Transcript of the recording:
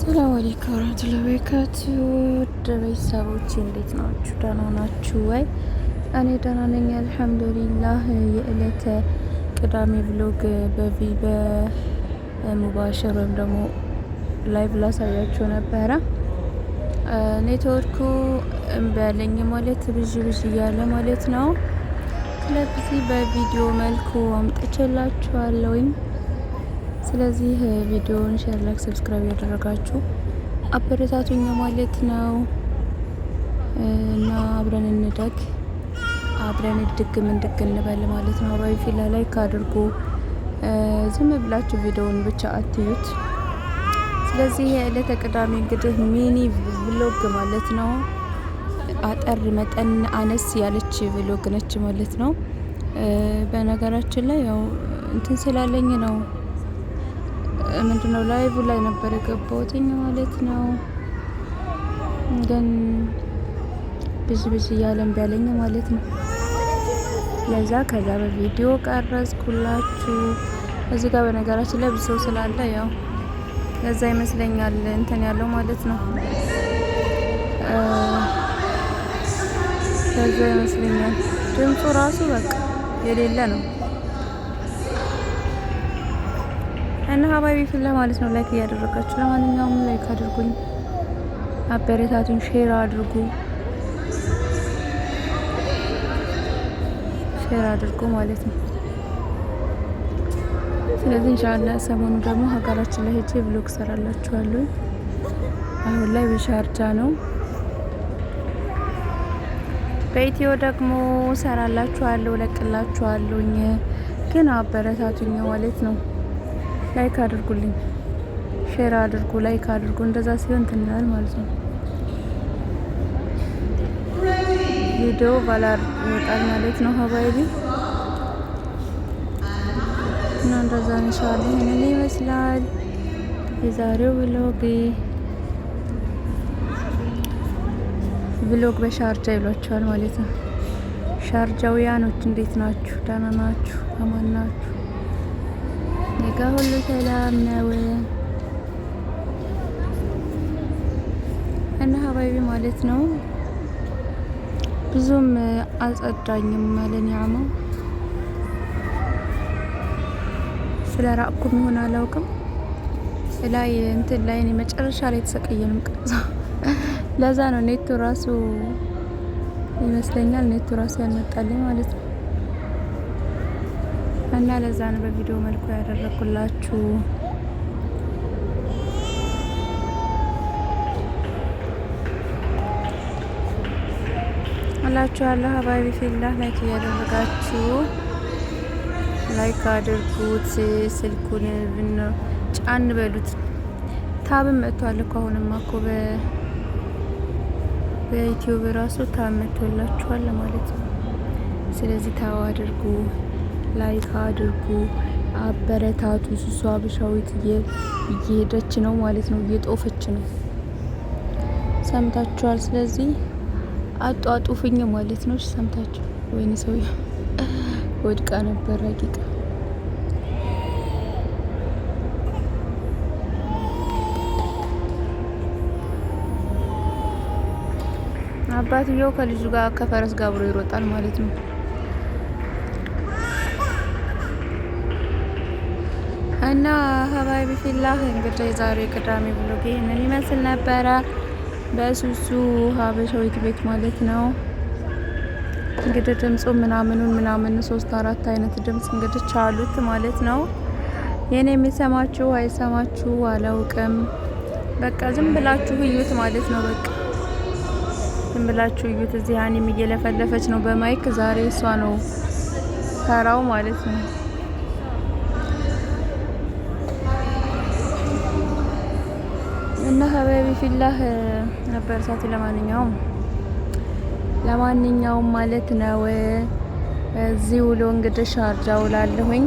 ሰላም አለይኩም ወራህመቱላሂ ወበረካቱ። ቤተሰቦች እንዴት ናችሁ? ደህና ናችሁ ወይ? እኔ ደህና ነኝ አልሐምዱሊላህ። የእለተ ቅዳሜ ብሎግ በቪ በሙባሸር ወይም ደግሞ ላይቭ ላሳያችሁ ነበረ። ኔትወርኩ እንበለኝ ማለት ብዙ ብዙ እያለ ማለት ነው። ስለዚህ በቪዲዮ መልኩ አምጥቼላችኋለሁ። ስለዚህ ቪዲዮውን ሼር፣ ላይክ፣ ሰብስክራይብ ያደረጋችሁ አበረታቱኝ ማለት ነው እና አብረን እንደግ አብረን እድግ ምንድግ እንበል ማለት ነው። አባይ ፊላ ላይ ካድርጉ ዝም ብላችሁ ቪዲዮውን ብቻ አትዩት። ስለዚህ የዕለተ ቅዳሜ እንግዲህ ሚኒ ብሎግ ማለት ነው። አጠር መጠን አነስ ያለች ብሎግ ነች ማለት ነው። በነገራችን ላይ ያው እንትን ስላለኝ ነው ምንድነው ላይቭ ላይ ነበር የገባሁት ማለት ነው። ግን ብዙ ብዙ እያለን ቢያለኝ ማለት ነው። ለዛ ከዛ በቪዲዮ ቀረጽኩላችሁ እዚህ ጋር በነገራችን ላይ ብዙ ሰው ስላለ ያው ለዛ ይመስለኛል እንትን ያለው ማለት ነው። ለዛ ይመስለኛል ድምፁ ራሱ በቃ የሌለ ነው። እና ሀባቢ ፍላ ማለት ነው። ላይክ እያደረጋችሁ ለማንኛውም ላይክ አድርጉኝ፣ አበረታቱኝ፣ ሼር አድርጉ፣ ሼር አድርጉ ማለት ነው። ስለዚህ ኢንሻአላህ ሰሞኑ ደግሞ ሀገራችን ላይ ሄጄ ብሎግ ሰራላችኋለሁ። አሁን ላይ በሻርጃ ነው። በኢትዮ ደግሞ ሰራላችኋለሁ፣ ለቅላችኋለሁኝ ግን አበረታቱኝ ማለት ነው። ላይክ አድርጉልኝ፣ ሼር አድርጉ፣ ላይክ አድርጉ። እንደዛ ሲሆን ትናል ማለት ነው። ቪዲዮ ባላር ይወጣል ማለት ነው። ሀባይቢ እና እንደዛ እንሻለ ይህንን ይመስላል የዛሬው ብሎግ ብሎግ በሻርጃ ይሏቸዋል ማለት ነው። ሻርጃውያኖች እንዴት ናችሁ? ደህና ናችሁ? አማን ናችሁ? እኔ ጋ ሁሉ ሰላም ነው እና ሀባይቢ ማለት ነው። ብዙም አልጸዳኝም ማለት ኒዓማ ስለ ራቅኩም ይሆን አላውቅም። ላይ እንትን ላይ እኔ መጨረሻ ላይ የተሰቀየንም ቀዛ ለዛ ነው ኔቱ ራሱ ይመስለኛል ኔቱ ራሱ ያልመጣልኝ ማለት ነው። እና ለዛ ነው በቪዲዮ መልኩ ያደረኩላችሁ። እላችኋለሁ ሀባቢ ፊላ ላይክ እያደረጋችሁ ላይክ አድርጉት። ስልኩን ብን ጫን በሉት። ታብ መጥቷል እኮ አሁንማ እኮ በዩቲዩብ ራሱ ታብ መጥቶላችኋል ማለት ነው። ስለዚህ ታብ አድርጉ። ላይክ አድርጉ፣ አበረታቱ። ሱሱ ሀበሻዊት እየሄደች ነው ማለት ነው፣ እየጦፈች ነው። ሰምታችኋል። ስለዚህ አጧጡፍኝ ማለት ነው። ሰምታችሁ ወይኔ ሰው ወድቃ ነበር ረቂቃ አባትየው ከልጁ ጋር ከፈረስ ጋር አብሮ ይሮጣል ማለት ነው። እና ሀባይ ቢፊላህ እንግዲህ ዛሬ ቅዳሜ ብሎግ ይህንን ይመስል ነበረ። በሱሱ ሀበሻዊት ቤት ማለት ነው። እንግዲህ ድምፁ ምናምኑን ምናምን ሶስት አራት አይነት ድምፅ እንግዲህ ቻሉት ማለት ነው። የኔ የሚሰማችሁ አይሰማችሁ አላውቅም። በቃ ዝም ብላችሁ እዩት ማለት ነው። በቃ ዝም ብላችሁ እዩት። እዚህ ሀኒም እየለፈለፈች ነው በማይክ ዛሬ እሷ ነው ተራው ማለት ነው። እና ሀበቢ ፊላህ ነበር እሳቱ። ለማንኛውም ለማንኛውም ማለት ነው እዚህ ውሎ እንግዲህ ሻርጃ ውላለሁኝ።